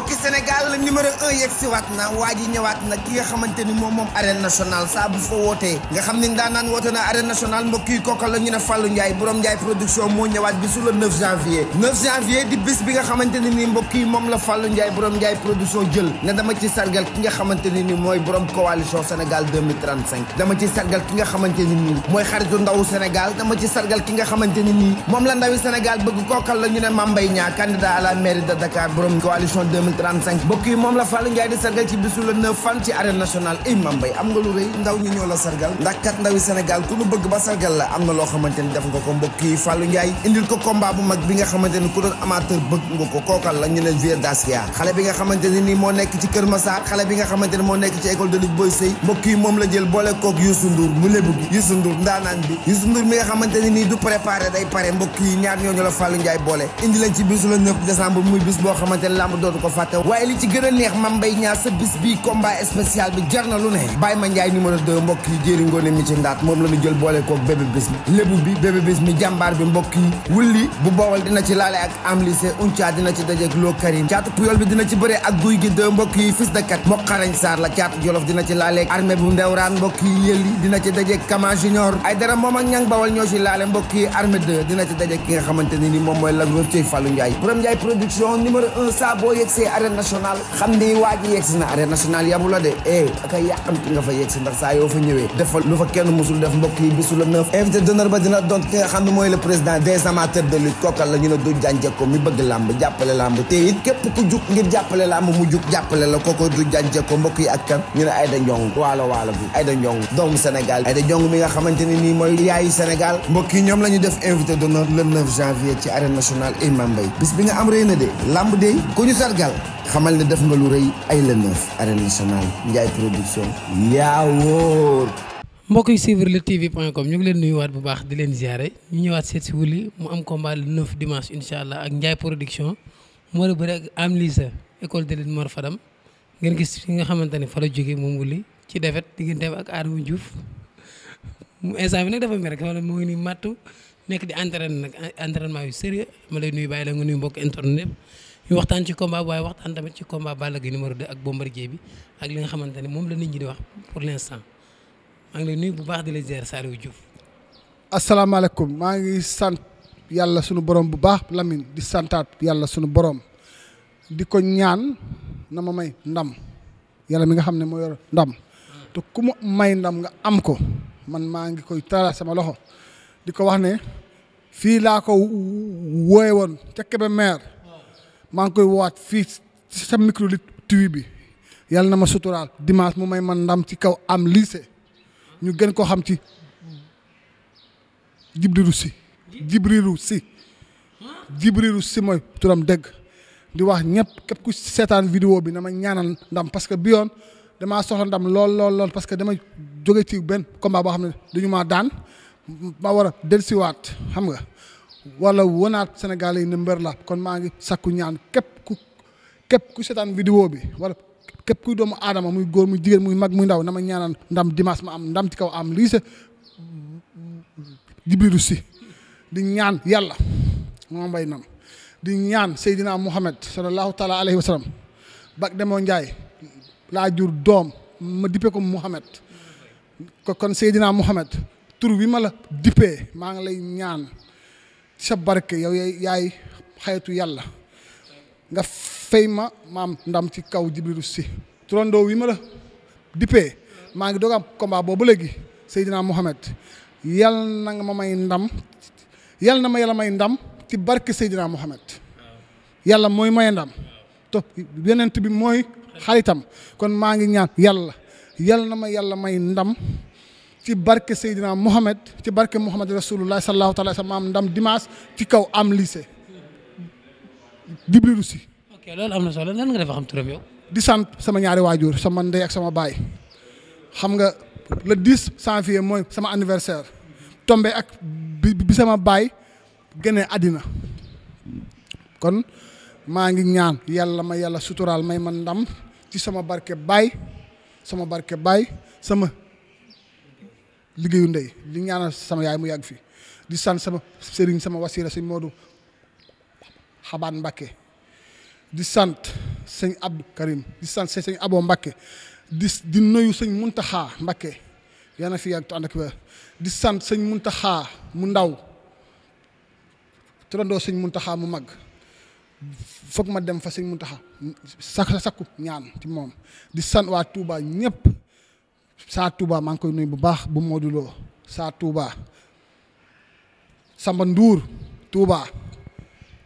mbokki Sénégal na ni moom moom arène nationale saa bu fa wootee nga xam ni daan naan woote na arène nationale mbokk yi la ñu ne ni mbokk yi moom la Fallou Ndiaye borom dama ci sargal ki nga xamante ne ni mooy borom coalition Sénégal 2035 dama ci sargal ki nga xamante ne moom la ndawi Sénégal bëgg kookal la ne Mambay Niang candidat la mairie de Dakar borom coalition 2035 mbokk yi moom la Fallou Ndiaye di sargal ci bisu le 9 fan ci arène nationale imam mbay am nga lu rëy ndaw ñi ñoo la sargal ndax kat ndawi Sénégal ku nu bëgg ba sargal la am na loo xamante ni nga ko mbokk yi indil ko combat bu mag bi nga xamante ku doon amateur bëgg nga ko kookal la ñu ne Vieux xale bi nga xamante nii moo nekk ci Kër Massar xale bi nga xamante moo nekk ci école de lutte Boy Sey moom la jël boole koog fàtte waaye li ci gën a neex Mame Mbaye Niang sa bis bii combat spécial bi jar lu ne Baye Ma Ndiaye numéro 2 mbokk yi jéeri ngoone mi ci ndaat moom la ñu jël boole koog bébé mi lébu bi bébé wulli bu boowal dina ci laale ak am lycée uncaa dina ci dajeeg loo karim caatu puyool bi dina ci bëree ak guy gi deux mbokk yi de kat moo xarañ saar la caatu jolof dina ci laaleeg armée bu ndewraan mbokk yëlli dina ci dajeeg kama junior ay dara moom ak ñang bawal yegsee arène nationale xam ni waa ji yegsi na arène nationale yamu la de eh akay yàqamti nga fa yegsi ndax saa yoo fa ñëwee def lu fa kenn musul def mbokk yi bisu la neuf invité d'honneur ba dina doon ki nga xam ne le la ñu ne du jànjeko mi bëgg làmb jàppale làmb te it képp ku jug ngir jàppale làmb mu jug jàppale la kooko du jànjeko mbokk yi ak kan ñu ne Aïda Ndiong waalo waalo bi Aïda Ndiong doomu Sénégal Aïda Ndiong mi nga xamante ne nii mooy yaayu Sénégal mbokk yi ñoom la ñu def invité d'honneur le 9 janvier ci arène nationale daal xamal ne def nga lu rëy ay la a arène nationale Ndiaye production yaa wóor mbokk yi suivre tv point com ñu ngi leen nuyuwaat bu baax di leen ziare ñu ñëwaat seet si wuli mu am combat le 9 dimanche incha allah ak Ndiaye production moo la bëri ak am lisa école de leen Fadam ngeen gis fi nga xamante ne fa la jóge moom wuli ci defet digganteem ak Adama Diouf mu instant bi nag dafa mel rek wala moo nekk di entraînement nag entraînement yu sérieux ma ñu waxtaan ci combat waaye waxtaan tamit ci combat Balla Gaye numéro 2 ak Bombardier bi ak li nga xamante ne moom la nit ñi di wax pour l'instant maa ngi lay nuyu bu baax di la ziar Saliou Diouf. asalaamaaleykum maa ngi sant yàlla sunu borom bu baax Lamine di santaat yàlla sunu borom di ko ñaan na ma may ndam yàlla mi nga xam ne moo yor ndam hmm. te ku ma may ndam nga am ko man maa ngi koy tala sama loxo di ko wax ne fii laa ko wooye woon ca Kébémer maa ngi koy woowaat fii sa micro Lutte TV bi yàlla na ma suturaal dimanche mu may man ndam ci kaw am lycée ñu gën koo xam ci jibrilu si jibrilu si si mooy turam dëgg di wax ñëpp képp ku seetaan vidéo bi na ma ñaanal ndam parce que bi yoon damaa soxla ndam lool lool lool parce que dama jóge ci benn combat boo xam ne dañu ma daan ma war a dellusiwaat xam nga wala wanaat Sénégal yi ne mbër la kon maa ngi sakku ñaan képp ku képp ku seetaan vidéo bi wala képp kuy doomu aadama muy góor mu jigéen muy mag muy ndaw na ma ñaanal ndam dimanche ma am ndam ci kaw am lii sa si di ñaan yàlla moo mbay nam di ñaan Seydina Muhammad sallallahu taala alayhi wa sallam bak demoo Njaay laa jur doom ma dippe ko Muhammad kon Seydina Muhammad tur bi ma la dippee maa ngi lay ñaan sa barke yow yaay xayatu yàlla nga fay ma maam ndam ci kaw jibrilu si turandoo wi ma la dippee maa ngi doog am combat boobu léegi Seydina Mohamed yal na nga ma may ndam yal na ma yàlla may ndam ci barke Seydina Mohamed yàlla mooy may ndam to yenent bi mooy xaritam kon maa ngi ñaan yàlla yal na ma yàlla may ndam ci barke Seydina Mohamed ci barke Mohamed rasulullah sallallahu taala sama am ndam dimaas ci kaw am lycée dibli russi ok na solo nan nga def xam turam di sant sama ñaari waajur sama ndey ak sama baay xam nga le 10 janvier mooy sama anniversaire tombe ak bi bi sama baay gënee àddina kon maa ngi ñaan yàlla ma yàlla suturaal may ma ndam ci sama barke baay sama barke baay sama. liggéeyu ndey li ñaanal sama yaay mu yàgg fi di sant sama sëriñ sama wasira sëñ Modou Xabaan Mbakke di sant sëñ Abdou Karim di sant sëñ Abo Mbakke di di nuyu sëñ Muntaxa Mbakke yàlla na fi yàgg ànd ak wér di sant sëñ Muntaxa mu ndaw turandoo sëñ Muntaxa mu mag foog ma dem fa sëñ Muntaxa sakku ñaan ci moom di sant waa Touba ñépp saa Touba maa ngi koy nuyu bu baax bu Modou Lo saa Touba Samba nduur Touba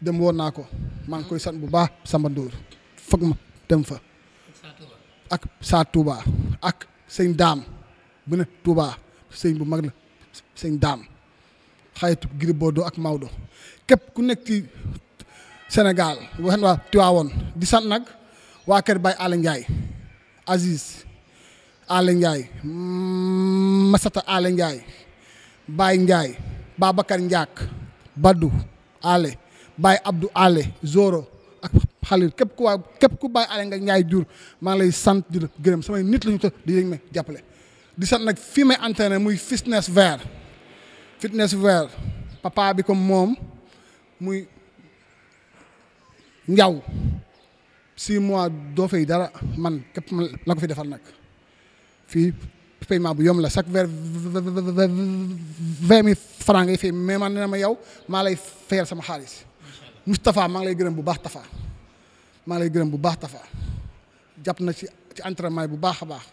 dem woon naa ko maa ngi koy sant bu baax Samba Ndour foog ma dem fa. ak saa Touba ak sëñ daam bu ne Touba sëñ bu mag la sëñ daam xaytu Gris Bordeaux ak Maodo képp ku nekk ci Sénégal waxen waa Tiwaawoon di sant nag waa kër Baye Alla Ndiaye Aziz. Aly Ndiaye Massata Aly Ndiaye Baye Ndiaye Babacar njaak Badou Aly Baye Abdou Aly Zoro ak Xalil képp ku waa képp ku Baye Aly nga Ndiaye jur maa lay sant di la gërëm samay nit la ñu di leen may jàppale. di sant nag fii may entraîné muy fitness vert fitness vert papa bi comme moom muy njaw si mois doo fay dara man képp la ko fi defal nag. fii paiement bu yomb la chaque weer vingt mille franc ngay fay mais man ne ma yow maa lay fayal sama xaalis Moustapha maa ngi lay gërëm bu baax Tafa maa ngi lay gërëm bu baax Tafa jàpp na ci ci entraînement bu baax a baax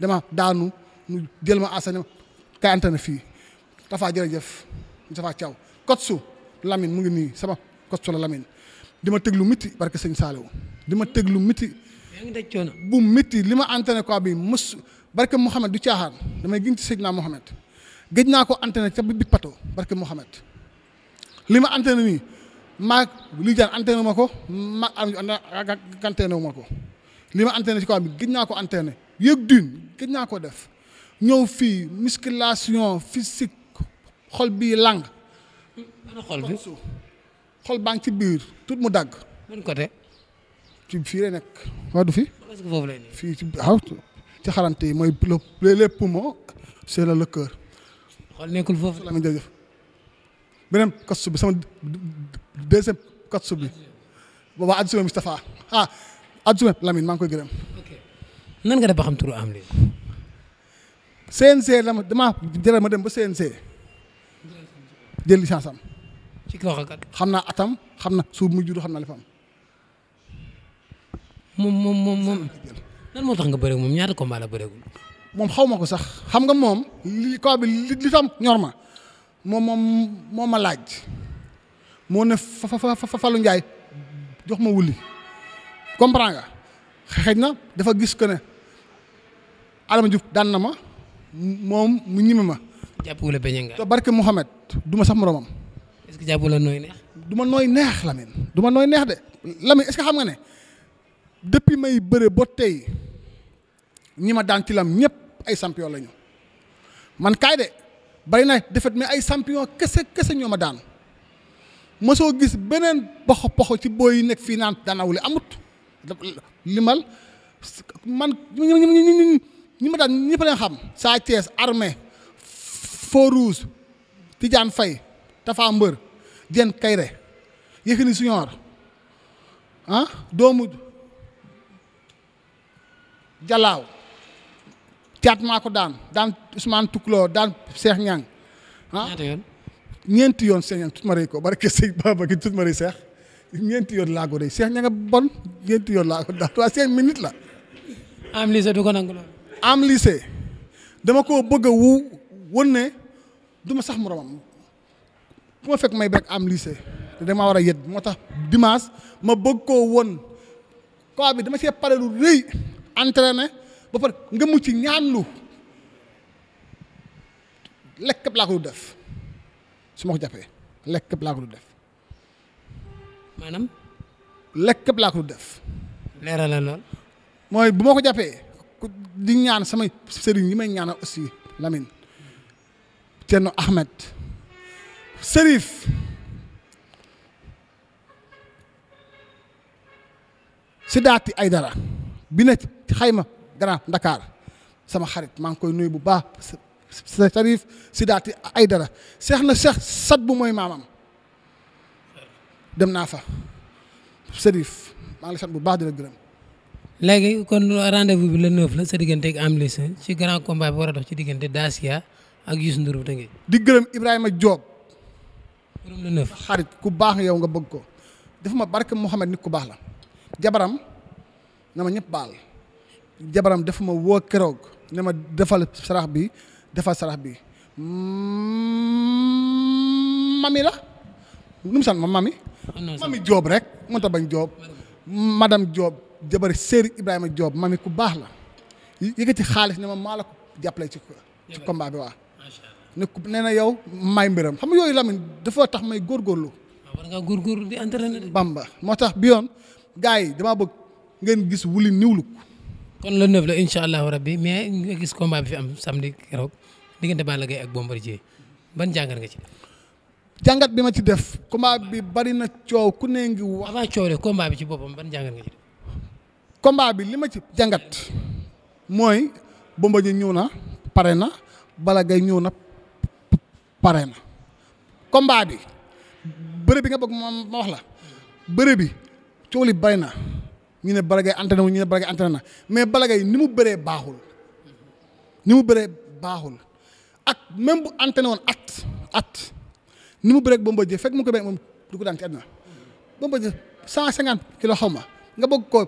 dama daanu mu jël ma asane kay entraîné fii Tafa jërëjëf Moustapha Thiaw kot su mu ngi nii sama kot su la Lamine di ma tëg lu miti barke sëñ Saalew di ma tëg lu miti bu miti li ma entraîné quoi bi mës barke Mouhamed du caaxaan damay gën ci Seydina Mouhamed gëj naa ko antenne ca bi pato barke Mouhamed li ma antenne nii maag li jaan antenne ma ko maag am antenne wu ma ko li ma antenne bi gëj naa ko antenne yëg duun gëj naa ko def ñëw fii musculation physique xol bii lang. xol bi xol baa ci biir tut mu dagg. ban côté. fii lay nekk waa du fi. fii ci ci xarante yi mooy le les poumons c'est le le cœur. xool nekkul la jërëjëf beneen kastu bi sama deuxième kastu bi booba adjumé Moustapha ah adjumé Lamine maa ngi koy gërëm. ok nga def ba xam turu am léegi. CNC la ma damaa jëral ma dem ba CNC jël licence ci kaw xam naa atam xam na suuf mu juddu xam naa li fa am. moom moom moom moom. lan moo tax nga bëreegul moom ñaata combat la bëreegul. moom xaw ma ko sax xam nga moom li ko bi tam ñor ma moom moom moo ma laaj moo ne fa fa fa Fallou jox ma wulli comprend nga xëj na dafa gis que ne Adama Diouf daan na ma moom mu ñime ma. jàppul la bañ nga. te barke Mouhamed du ma sax moromam. est-ce nooy neex. du ma nooy neex de Lamine est-ce xam nga ne depuis may bëre ba tey. ñi ma daan ci lam ñëpp ay champion lañu man kaay de bari na defet mais ay champion kese kese ñoo ma daan mosoo gis beneen pox pox ci booy nekk fii naan daanawule amut limal man ñi ma daan ñëpp leen xam saa Thiès armée Fourouz Tidiane Faye Tafa Mbër Diène Kayré Yékini Junior ah Jalaaw quatre maa ko daan daan Ousmane Toukloo daan Cheikh Niang. ah yoon. ñeenti yoon Cheikh Niang tut ma ko barke sëñ Baba gi tut ma rëy ñeenti yoon laa ko rëy Cheikh bon ñeenti yoon laa ko daan waa cinq minutes la. am lycée ko dama koo bëgg a wu won sax moromam bu ma fekk may beeg am lycée te war a yedd moo tax dimanche ma bëgg koo won quoi bi dama see pare lu rëy entraîné. ba pare nga mucc ñaanlu lekk laa ko du def su ma ko jàppee lekk laa ko du def. maanaam. lekk laa ko du def. lool. mooy bu ma ko jàppee di ñaan samay sëriñ yi may ñaan aussi Lamine Thierno Ahmed Serif Sidaati ay bi ne xayma. Grand Dakar sama xarit maa ngi koy nuyu bu baax sa Sarif Sidaati Aydara seex na seex sat bu mooy maamam dem naa fa Sarif maa ngi lay sant bu baax di la gërëm. léegi kon rendez-vous bi le 9 la sa diggante ak Amly ci grand combat bi war dox ci diggante Dacia ak Youssou Ndour bu tënkee. di gërëm Ibrahima Diop. gërëm le 9 ku baax nga yow nga bëgg ko dafa ma barke Mouhamed nit ku baax la. jabaram na ma ñëpp baal. jabaram dafa ma woo keroog ne defal sarax bi defal sarax bi mm, mami la nu mu sant ma mami mami Joob rek mën ta bañ Joob madame Joob jabar Seri Ibrahima Joob mami ku baax la yëkkati xaalis ne ma maa la ko jàppale ci ci bi waa ne nee na yow may mbiram xam nga yooyu Lamine dafa tax may góor góorlu ah, nga góorgóorlu di entraîner Bamba moo tax bi yoon gars yi damaa bëgg ngeen gis wuli niwluk kon le 9 la incha allahu rabbi mais nga gis combat bi fi am samedi keroog diggante Balla Gaye ak Bombardier ban jàngat nga ci. jàngat bi ma ci def combat bi bari na coow ku ne ngi wax. avant coow de combat bi ci boppam ban jàngat nga ci def. combat bi li ma ci jàngat mooy Bombardier ñëw na pare na bala Gaye ñëw na pare na combat bi bëre bi nga bëgg ma wax la bëre bi coow li bari na. ñu ne Balla Gaye entraîné wu ñu ne Balla Gaye na mais Balla Gaye ni mu bëree baaxul ni mu bëree baaxul ak même bu entraîné woon at at ni mu bëree Bombardier fekk mu ko bëgg du ko daan ci àddina Bombardier cent cinquante kilo xaw ma nga bëgg koo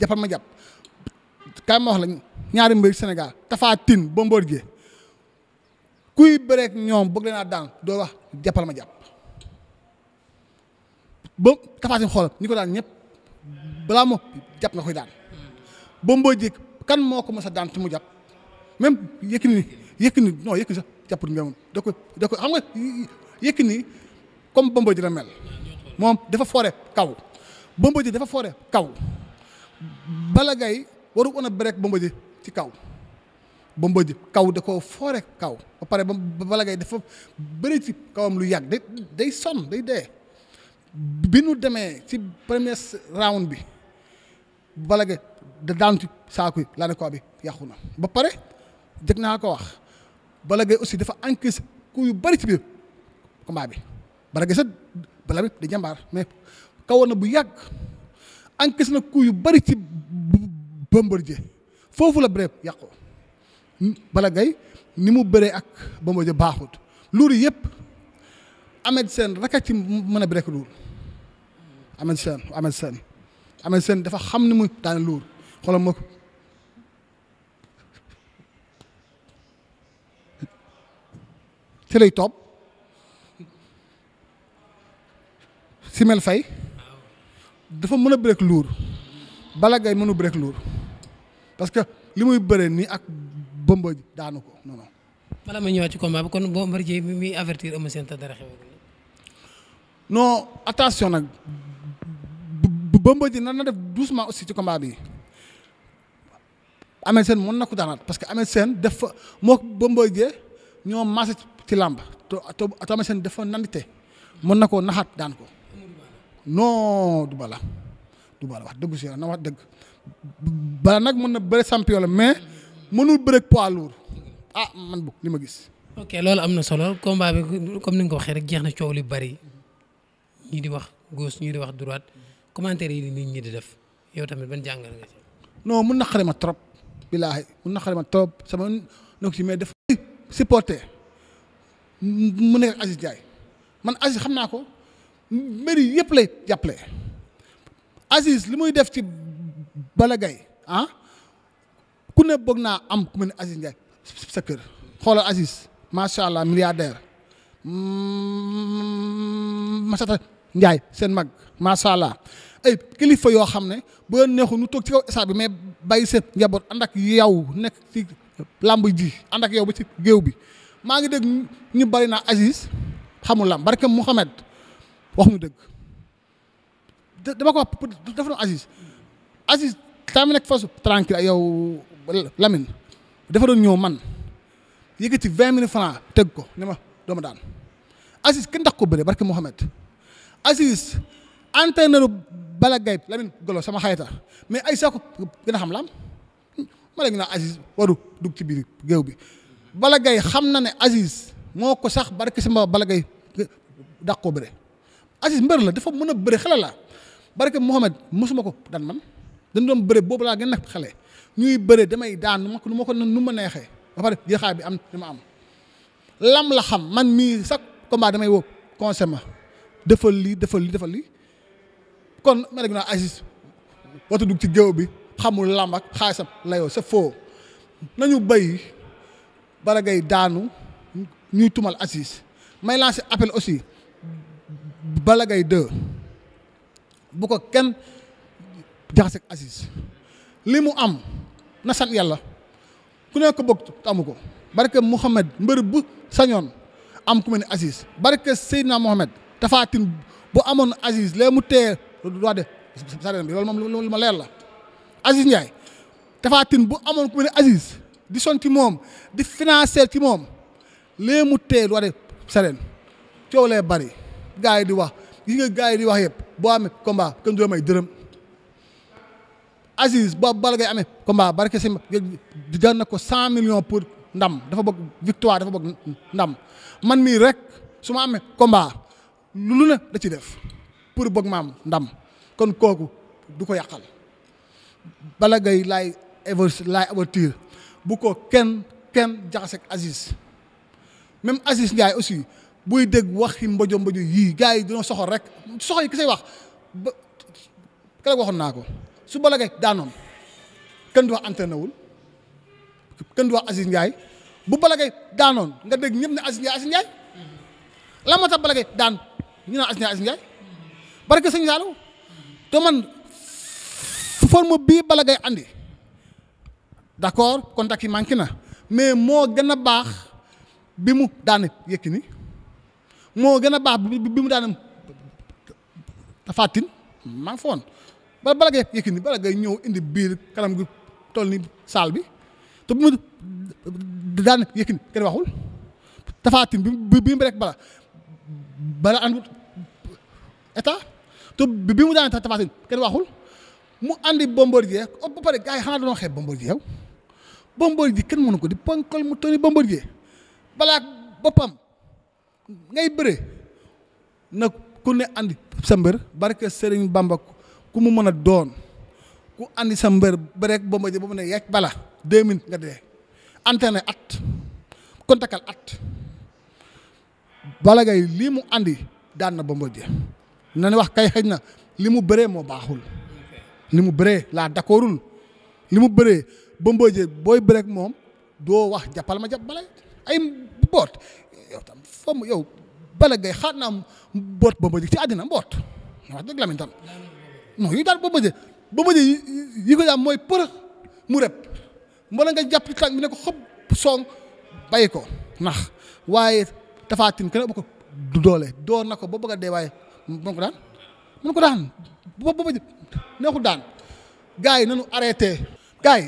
jàppal ma jàpp kaay ma wax la ñaari mbir Sénégal Tapha Tine Bombardier kuy bëreek ñoom bëgg naa daan doo wax jàppal ma jàpp ba Tapha Tine xoolal ñi ko daan ñëpp balaa moo jàpp nga koy daan Bombardier kan moo ko mos a daan ci mu jàpp même Yékini Yékini non Yékini sax jàppul mbéy moom da ko da ko xam nga Yékini comme Bombardier la mel moom dafa foore kaw Bombardier dafa foore kaw Balla Gaye waru woon a bëreek Bombardier ci kaw Bombardier kaw da ko foore kaw ba pare ba Balla Gaye dafa bëri ci kawam lu yàgg day day sonn day dee. bi nu demee ci premier round bi Balla Gaye da daanu ci saaku yi laa bi yàqu na ba pare jëg naa ko wax Balla Gaye aussi dafa encaissé ku yu bari ci biir combat bi Balla Gaye sax bala bi da mais kawoon na bu yàgg encaissé na ku yu bari ci Bombardier foofu la bëre yàqu Balla ni mu bëree ak Bombardier baaxut loolu yëpp Ahmed Sène ak ci mën a bëre loolu Amed Sène Amed Sène dafa xam ni muy daane luur xoolal ma ko ci lay topp Simel Faye dafa mën a bëreek luur Balla Gaye mënu bëreek luur parce que li muy bëree nii ak bëmba daanu ko non bala ma ñëwaat ci combat bi kon Bombardier mi muy avertir Eumeu Sène te dara xew non attention nag Bombardier nan na def doucement aussi ci combat bi Amel seen mën na ko daanaat parce que Amel Sène def fa moo Bombardier ñoo maase ci làmb te te Amel Sène dafa nandite mën na koo naxaat daan ko non du bala du bala wax dëggu si na wax dëgg bala nag mën na bëre champion la mais mënul bëre pois lourd ah man bu li ma gis. ok loolu am na solo combat bi comme ni nga ko waxee rek jeex na coow li bari ñii di wax gauche ñii di wax droite. commentaire yi nit ñi di def yow tamit ban jàngal nga ci. non mun na xare ma trop. billaahi mun na xare ma trop sama nokk ci mais dafa supporter mu nekk Aziz Ndiaye man Aziz xam naa ko mbir yëpp lay jàppale. Aziz li muy def ci Balla Gaye ah ku ne bëgg naa am ku mel ne Aziz Ndiaye sa kër xoolal Aziz macha allah milliardaire mm, Massata Ndiaye seen mag macha allah. ay kilifa yoo xam ne boo neexu nu toog ci kaw stade bi mais bàyyi seen njaboot ànd ak yow nekk ci làmb ji ànd ak yow ba ci géew bi maa ngi dégg ñu bari naa Aziz xamul làmb barke Mouhamed wax ñu dëgg dama ko wax dafa doon Aziz Aziz tamit nekk fasu tranquille yow Lamine dafa doon ñëw man yëkkati vingt mille francs teg ko ne ma dooma daan Aziz kenn tax ko bëre barke Mouhamed Aziz entraîneur Balla Gaye Lamine Golo sama xayta mais ay saako gën xam lam ma la ñu naan Aziz waru dugg ci biir géew bi Balla Gaye xam na ne Aziz moo ko sax barke sama Balla Gaye dàq koo bëre mbër la dafa mën a bëre xale la barke Mouhamed mosuma ko daan man dañ doon bëre boobu laa gën a xale ñuy bëre damay daan nu ma ko nu nu ma neexee ba pare bi am ma lam la xam man mii sa combat damay woo conseil ma defal lii defal lii defal lii kon ma ne ko naan Aziz wata dugg ci géew bi xamul làmb ak xaalisam layoo c'est faux nañu béy Balla daanu ñuy tumal Aziz may lancer appel aussi Balla Gaye 2 bu ko kenn jaxaseeg Aziz li mu am na sant yàlla ku ne ko bëgg amu ko barke Mouhamed mbër bu sañoon am ku mel ni Aziz barke Seydina Mohamed tafaatin bu amoon Aziz lee mu tee loolu doy de sànni bi loolu moom lu ma leer la. Aziz Ndiaye Tapha Tine bu amoon ku mel ne Aziz di son ci moom di financer ci moom lee mu tee doy de sànni coow lee bari gars yi di wax gis nga gars yi di wax yëpp boo amee combat kenn du la may dërëm. Aziz ba bala ngay amee combat barke si jar na ko cent millions pour ndam dafa bëgg victoire dafa bëgg ndam man mii rek su ma amee combat lu ne da ci def. pour bëgg maam ndam kon kooku du ko yàqal balagay lay laay évolué laay avertir bu ko kenn kenn jaxaseeg Aziz même Aziz Ndiaye aussi buy dégg waxi mbojo mbojo yii gars yi dina soxor rek soxo yi ki say wax ba keroog waxoon naa ko su Balla Gaye daanoon kenn du wax entraîné kenn du wax Aziz Ndiaye bu Balla daanoon nga dégg ñëpp ne Aziz Ndiaye Aziz Ndiaye daan ñu naan Aziz Ndiaye barke sëñ Saliou te man forme bii Balla Gaye andi d'accord contact yi manqué na mais moo gën a baax bi mu daan Yékini moo gën a baax bi mu daan Tapha Tine maa ngi fa woon ba Balla Gaye Yékini Balla ñëw indi biir kanam gi toll ni saal bi te bi mu daan Yékini kenn waxul Tapha bi bi mu rek bala bala àndut état te bi mu daan Tapha kenn waxul mu andi Bombardier oh, ba pare gars yi xanaa dañoo xeeb Bombardier yow Bombardier kenn mënu ko di ponkal mu toni Bombardier balaa boppam ngay bëre nag ku ne àndi sa mbër barke Serigne Bamba ku mu mën a doon ku andi sa mbër bëreeg Bombardier ba mu ne yàgg bala deux minutes nga dee antenne at kontakal at bala ngay lii mu andi daan na Bombardier dinañ wax kay xëj na li mu bëree moo baaxul. li mu bëree laa d'accordul li mu bëree Bombardier booy bëree moom doo wax jàppal ma jàpp bale ay boot yow tam fa mu yow Balla Gaye xaat naa boot Bombardier ci àddina boot wax dëgg Lamine tam non yu daal Bombardier Bombardier yi ko daal mooy për mu rep mbala nga jàpp tànk ne ko xob song bàyyi ko ndax waaye Tapha kena kenn bu ko du doole doo na ko ba bëgg a dee waaye mën ko daan mën ko daan ba ba ba neexul daan gars yi nañu arrêté. gars yi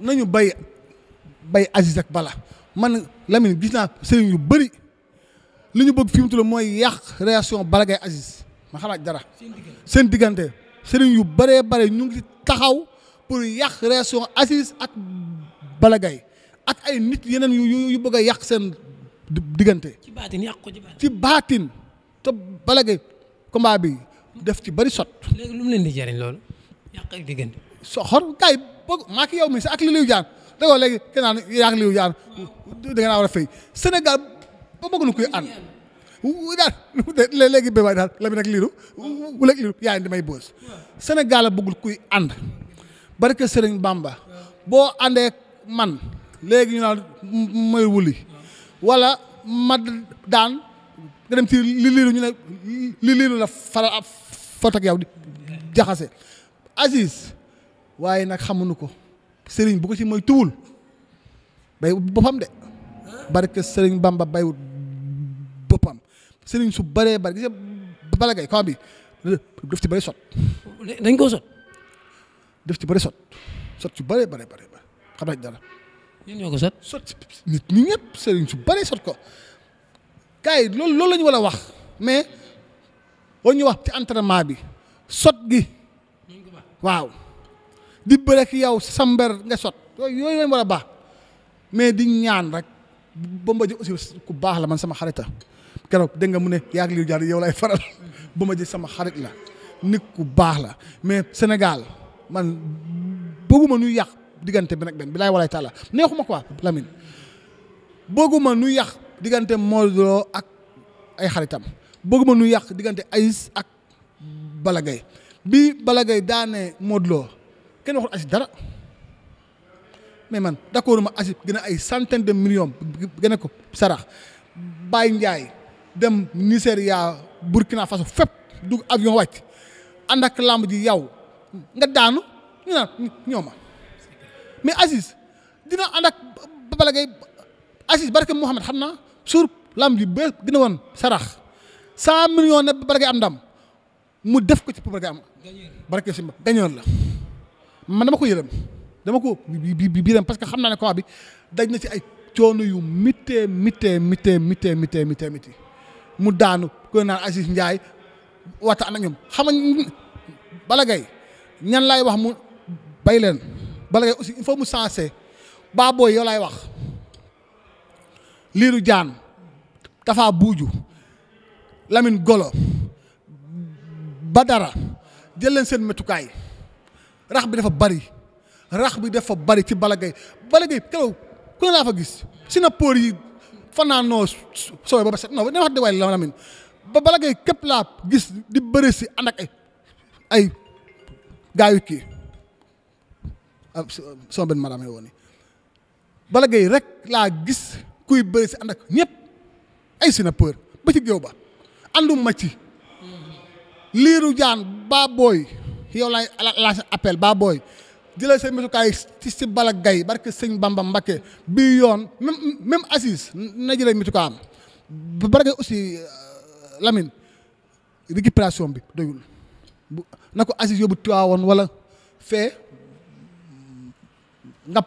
nañu bay bay Aziz ak Bala man Lamine gis naa sëriñ yu bëri li ñu bëgg fi mu mooy yàq réaction Balla Gaye Aziz ma xalaat dara. seen diggante sëriñ yu bëree bëri ñu ngi taxaw pour yàq réaction Aziz ak Balla Gaye ak ay nit yeneen yu yu bëgg a yàq seen diggante. ci baatin yàq ko ci baatin. ci baatin combat bi def ci bëri sot. léegi lu mu di jëriñ loolu. yàq ak diggante. soxor kay bëgg maa ki yow mi sa ak li liw jaan d'accord léegi kenn naan yaa ak liw jaan da nga a fay na koy ànd. daal léegi bébaay daal la mi nag boos Sénégal a bëggul kuy ànd barke Sëriñ Bamba boo àndee man léegi ñu naan may wuli wala ma daan nga dem ci li ñu ne li liiru la faral ab foto ak di jaxase Aziz waaye nag xamuñu ko sëriñ bu ko ci mooy tuwul bay boppam de barke sëriñ Bamba baywut boppam sëriñ su bëree bari gis nga balagay kaw bi daf ci bëri sot dañ koo sot daf ci bëri sot sot su bare bëree bëri xam nañ dara ñun ñoo ko sot sot nit ñi ñëpp sëriñ su bëree sot ko gars yi loolu loolu la war a wax mais war ñu wax ci entraînement bi sot gi waaw di bëre ak yow samber nga sot yooyu yooyu lañ war a baax mais di ñaan rek Bomba ji aussi ku baax la man sama xarita keroog dégg nga mu ne yaa ngi liy jaar yow lay faral ma ji sama xarit la nit ku baax la mais Sénégal man bëgguma ñu yàq diggante bi nag benn bi laay walay taala neexuma quoi Lamine bëgguma nu yàq diggante Modou Lo ak ay xaritam bëgguma nu yàq diggante Aziz ak Balla Gaye bi Balla Gaye daane Modou kenn waxul Aziz dara mais man d'accord ma Aziz gën ay centaine de millions gën ko sarax Baye Ndiaye dem Nigeria Burkina Faso fépp dugg avion wàcc ànd ak làmb ji yow nga daanu ñu naan ñoo mais Aziz dina ànd ak Balla Gaye Aziz barke Mouhamed xam naa sur lam bi ba dina woon sarax cent millions ne barke am ndam mu def ko ci pour barke am barke si gañoon la man dama ko yërëm dama ko biiram parce que xam naa ne combat bi daj na ci ay coono yu mittee mittee mittee mittee mittee mittee mitti mu daanu ko naan Aziz Ndiaye waxtaan ak ñoom xam nga Balla Gaye ñan laay wax mu bay leen Balla Gaye aussi il faut mu sensé baa booy yow laay wax liiru jaan dafa buuju Lamine Golo Badara jël leen seen mettukaay rax bi dafa bari rax bi def dafa bari ci Balla Gaye Balla Gaye gis si na yi fanaanoo sooy ba ba set non dina ba Balla Gaye képp laa gis di bëri si ànd ak ay ay gaayu kii ah sama benn maraam woon Balla Gaye rek laa gis kuy bëri si ànd ak ñëpp ay si na peur ba ci géew ba ànduma ci liiru jaan baa yow laay lancé appel baa jëlal seen mesukaay ci si bala gay barke sëñ Bamba Mbakke bii yoon même même na jëlee mesukaayam barke aussi Lamine récupération bi doyul na ko assise yóbbu Tiwaawoon wala fee nga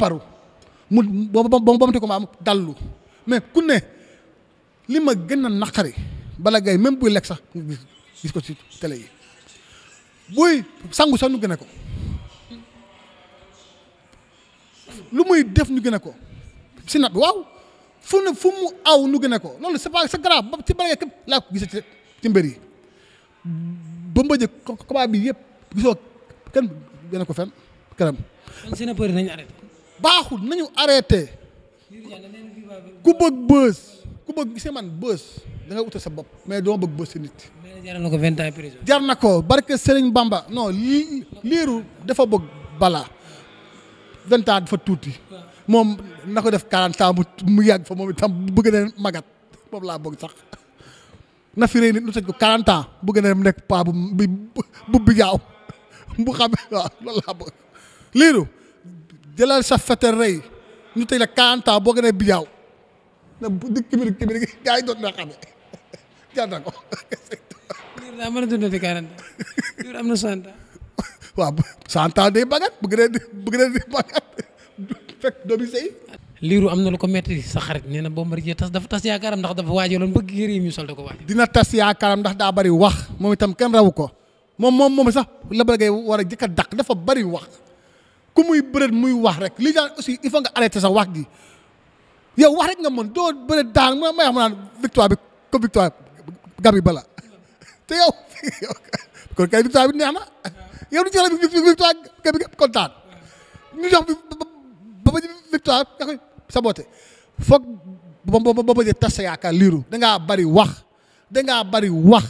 mu ba ba ba mu te ko ma am dallu mais ku ne li ma gën a naqari Balla Gaye même buy lekk sax gis ko ci télé yi buy sangu sax ñu gën a ko lu muy def ñu gën a ko si nat waaw fu ne fu mu aw nu gën a ko loolu c'est pas c'est grave ba ci Balla Gaye képp laa ko gisee ci mbër yi ba mbëjë combat bi yëpp gisoo kenn gën a ko fen këram. kon seen nañu arrêté. baaxul nañu arrêté. ku bëgg bës ku bëgg gisee man bës da nga sa bopp mais doo bëgg bës si nit. jar na ko vingt ans prison. jar na ko barke Serigne Bamba non lii liiru dafa bëgg bala vingt ans dafa tuuti moom na ko def quarante ans mu yàgg fa moom itam bëgg na magat moom laa bëgg sax na fi rëy nit lu tëj ko quarante ans bëgg na nekk paa bu bu bu bu gaaw bu xamee waaw laa bëgg liiru jëlal sa fetel rëy. nu tey la 40 ans boo gënee bijaaw na di kibir kibir gaa yi doot na xame jaata ko. liir daa mën a dundati am na 60 ans. waaw 60 ans day bagat bu gënee bu gënee di bagat fekk doomi sëy. liiru am na lu ko metti sa xarit nee na Bombardier tas dafa tas yaakaaram ndax dafa waajaloon bëgg yëre yi mu sol ko waaj. dina tas yaakaaram ndax daa bari wax moom itam kenn raw ko moom moom sax la bëggee war a jëkk a defa dafa bari wax. ku muy bëreet muy wax rek li daan aussi il faut nga arrêté sa wax gi yow wax rek nga mën doo bëreet daan ma may xam naan victoire bi ko victoire gabi bala te yow kon kay victoire bi neex na yow du jox la victoire gabi kontaan ñu jox bi ba ba victoire nga koy saboté foog ba ba ba bëjee tas sa yaakaar liiru dangaa bari wax dangaa bari wax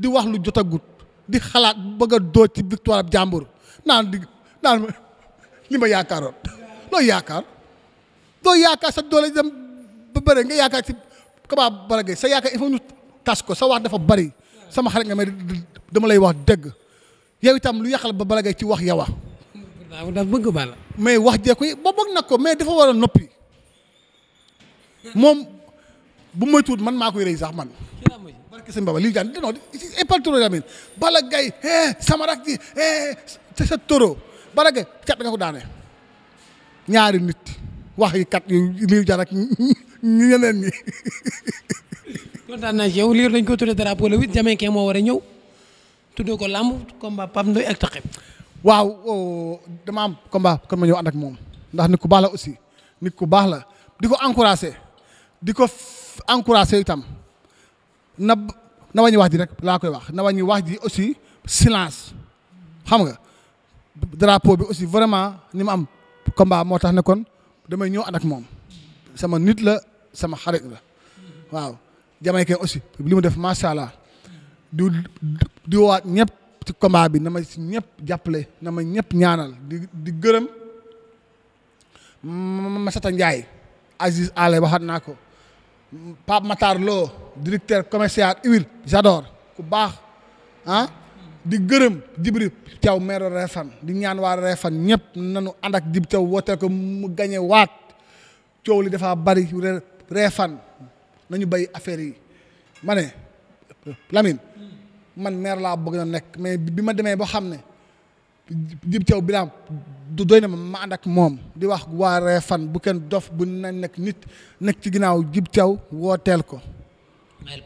di wax lu jotagut di xalaat bëgg a doo ci victoire ab jàmbur naan di naan li ma yaakaaroon looy yaakaar doo yaakaar sa doole dem ba bëre nga yaakaar ci Kaba Balla Gaye sa yaakaar il faut ñu tas ko sa wax dafa bari sama xarit nga may dama lay wax dëgg yow itam lu yàqal ba Balla Gaye ci wax yawa dafa bëgg Balla mais wax jee ko ba bëgg na ko mais dafa war a noppi moom bu moytuwul man maa koy rëy sax man. barke sëñ Baba lii daan non épargne toro la Balla Gaye sama rak ji sa toro. Balla Gaye cat nga ko daane ñaari nit wax yi kat yu liir jar ak ñeneen ñi. kontaan naa ci yow liir dañ ko tuddee drapeau le huit Jamaïcain moo war a ñëw tuddee ko làmb combat Pape Ndoye ak Takheb. waaw oh, dama am combat kon ma ñëw ànd ak moom ndax nit ku baax la aussi nit ku baax la di ko encouragé di ko encouragé itam na na wàññi wax ji rek laa koy wax na wàññi wax ji aussi silence xam nga. drapeau bi aussi vraiment ni ma am combat moo tax ne kon damay ñëw ànd moom sama nit la sama xarit la waaw jamay jamaykee aussi li mu def macha allah di di waat ñëpp ci combat bi na ma si ñëpp jàppale na ma ñëpp ñaanal di di gërëm Masata Ndiaye Aziz Ale waxaat naa ko Pape Matar loo directeur commercial huile j'adore ku baax ah di gërëm Djibril Thiaw maire Refane di ñaan waa Refane ñëpp nanu ànd ak jib Thiaw wooteel ko mu gañe waat coow li dafa bari Refane nañu bay affaire yi ma ne Lamine man maire laa bëgg na nekk mais bi ma demee boo xam ne Djibril Thiaw bilaam du doy na ma ànd ak moom di wax waa Refane bu kenn dof bu nañ nekk nit nekk ci ginnaaw jib caw wooteel ko. mayel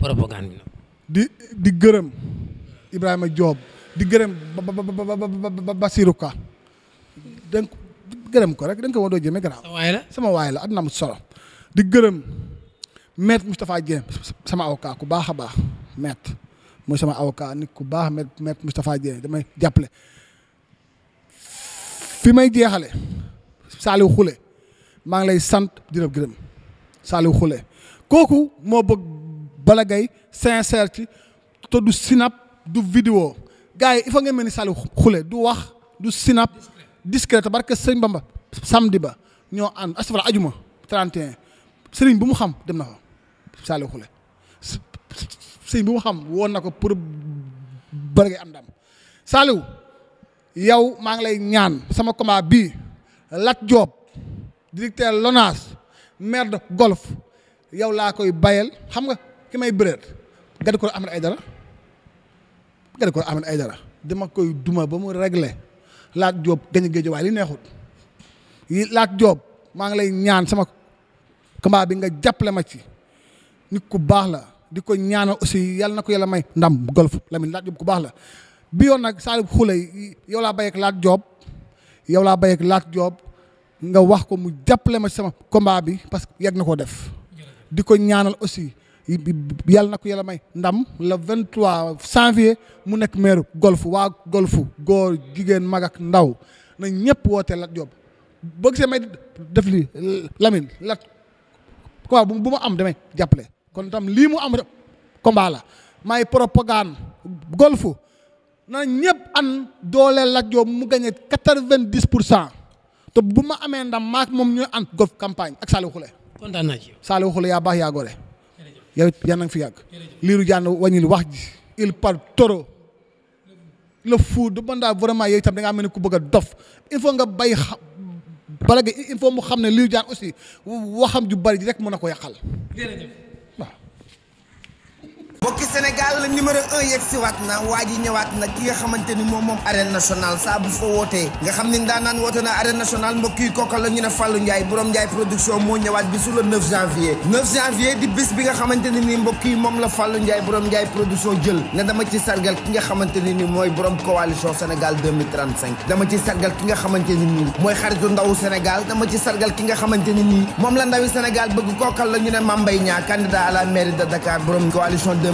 di di gërëm. Ibrahima Diop di gërëm ba Basirou Ka donc gërëm ko rek da nga ko war a jëmee garaaw. sama waay la sama waay la at na am solo. di gërëm maître Moustapha Dieng sama avocat ku baax a baax maître mooy sama avocat nit ku baax maître Moustapha Dieng damay jàppale. fi may jeexale Saliou Khoule maa ngi lay sant di la gërëm Saliou Khoule kooku moo bëgg Balla Gaye ci te sinap du vidéo gars yi il faut nga mel ni Saliou Khoulé du wax du sinap discrète barke sëñ Bamba samedi ba ñoo ànd astafurlah ajuma 31 sëriñ bu mu xam dem na fa Saliou Khoulé sëriñ bu mu xam woon na ko pour bërëgee am ndam Saliou yow maa ngi lay ñaan sama combat bi Lat joob directeur LONASE maire de Golf yow laa koy bayal xam nga ki may bëreet gàddu ko Ahmed dara nga ne ko Ahmed Aidara dama koy duma ba mu réglé Lat joob gañ géej waaye li neexut yi Lat Diop maa ngi lay ñaan sama combat bi nga jàppale ma ci nit ku baax la di ko ñaanal aussi yàlla na ko yàlla may ndam golf Lamine Lat Diop ku baax la bi yoon nag Salif Khoulé yow laa béy ak joob Diop yow laa béy ak joob nga wax ko mu jàppale ma ci sama combat bi parce que yegg na koo def di ko ñaanal aussi yàlla na ko yàlla may ndam la le 23 janvier mu nekk meeru golf waa golf góor jigéen magak ndaw na ñëpp wooteel Lat Diop boo gisee may def li Lamine Lat quoi bu ma am damay jàppale kon tam lii mu am combat la may propagande golf na ñëpp an dooleel Lat Diop mu gagné quatre-vingt-dix pour cent te bu ma amee ndam maak moom ñooy an golf campagne ak Saliou Khoulé kontaan naa ci yow yaa baax yaa gore yow it yàlla na fi yàgg liiru jaan wàññil wax ji il parle trop le fou de mandat vraiment yow itam da ngaa mel ni ku bëgg a dof il faut nga bay xa bala nga il faut mu xam ne liiru jaan aussi waxam ju bari ji rek mën na ko yàqal mbokki Sénégal la numéro un yegg si waat na waa ji ñëwaat na ki nga xamante ni moom moom arène nationale saa bu fa wootee nga xam ni ndaanaan woote na arène nationale mbokk yi kooka ne Fallou Ndiaye borom Ndiaye production moo ñëwaat bi su le 9 janvier 9 janvier di bis bi nga xamante nii mbokk yi moom la Fallou Ndiaye borom Ndiaye production jël ne dama ci sargal ki nga xamante ni mooy borom coalition Sénégal 2035 dama ci sargal ki nga xamante ne nii mooy xaritu ndawu Sénégal dama ci sargal ki nga xamante ne nii moom la ndawi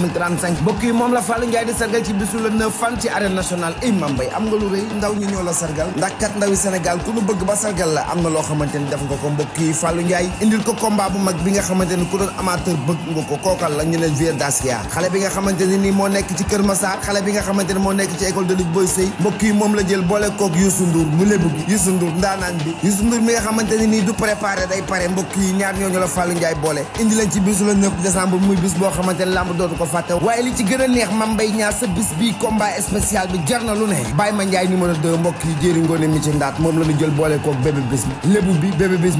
2035 mbokk yi moom la Fallou Ndiaye di sargal ci bisu le 9 fan ci arène nationale ay Mame Mbaye am nga lu rëy ndaw ñu ñoo la sargal ndax kat ndawi Sénégal ku nu bëgg ba sargal la am nga loo xamante ni def nga ko mbokk yi Fallou Ndiaye indil ko combat bu mag bi nga xamante ku doon amateur bëgg nga ko kookal la ñu ne Vieux xale bi nga xamante ni nii moo nekk ci Kër Massar xale bi nga xamante ni moo nekk ci école de lutte Boy Sey mbokk yi moom la jël boole koog Youssou Ndour mu ko fàtte waaye li ci gën a neex Mame Mbaye Niang sa bis bii combat spécial bi jar lu ne Baye Ma Ndiaye numéro 2 mbokk yi jéeri mi ci ndaat moom la ñu jël boole koog bébé bis mi lébu bi bébé bi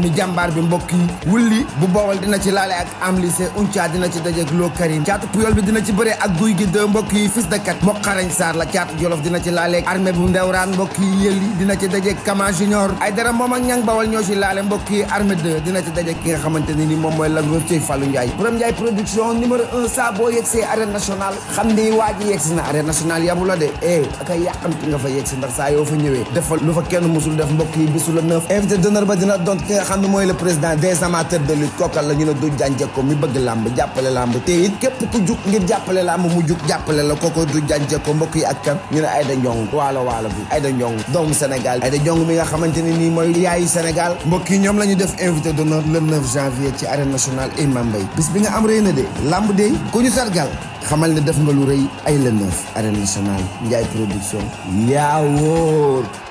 mbokk yi wulli bu boowal dina ci laale ak am lycée uncaa dina ci dajeeg loo karim caatu puyol bi dina ci bëree ak guy gi deux mbokk yi fils de kat moo xarañ saar la caatu jolof dina ci laaleeg armée bu ndewraan mbokk yi dina ci dajeeg kama junior ay dara moom ak ñang bawal ñoo ki nga xamante ni ni moom mooy la ci accès arène nationale xam ni waa ji yegsi na arène nationale yabu la de eh aka yàqamti nga fa yegsi ndax saa yoo fa ñëwee defal lu fa kenn musul def mbokk yi bisu la neuf invité d'honneur ba dina doon ki nga xam ne mooy le président des amateurs de lutte kookal la ñu ne du jànjeko mi bëgg la kooko du jànjeko mbokk yi ak kan ñu ne Aïda Ndiong waalo waalo bi Aïda Ndiong doomu Sénégal Aïda Ndiong mi nga xamante nii mooy yaayu Sénégal mbokk yi ñoom la ñu def invité d'honneur le 9 janvier ci arène nationale Imam Mbaye bis bi nga am réy de làmb de ku Sénégal xamal na def nga lu rëy ay le neuf arène nationale Ndiaye production yaa wóor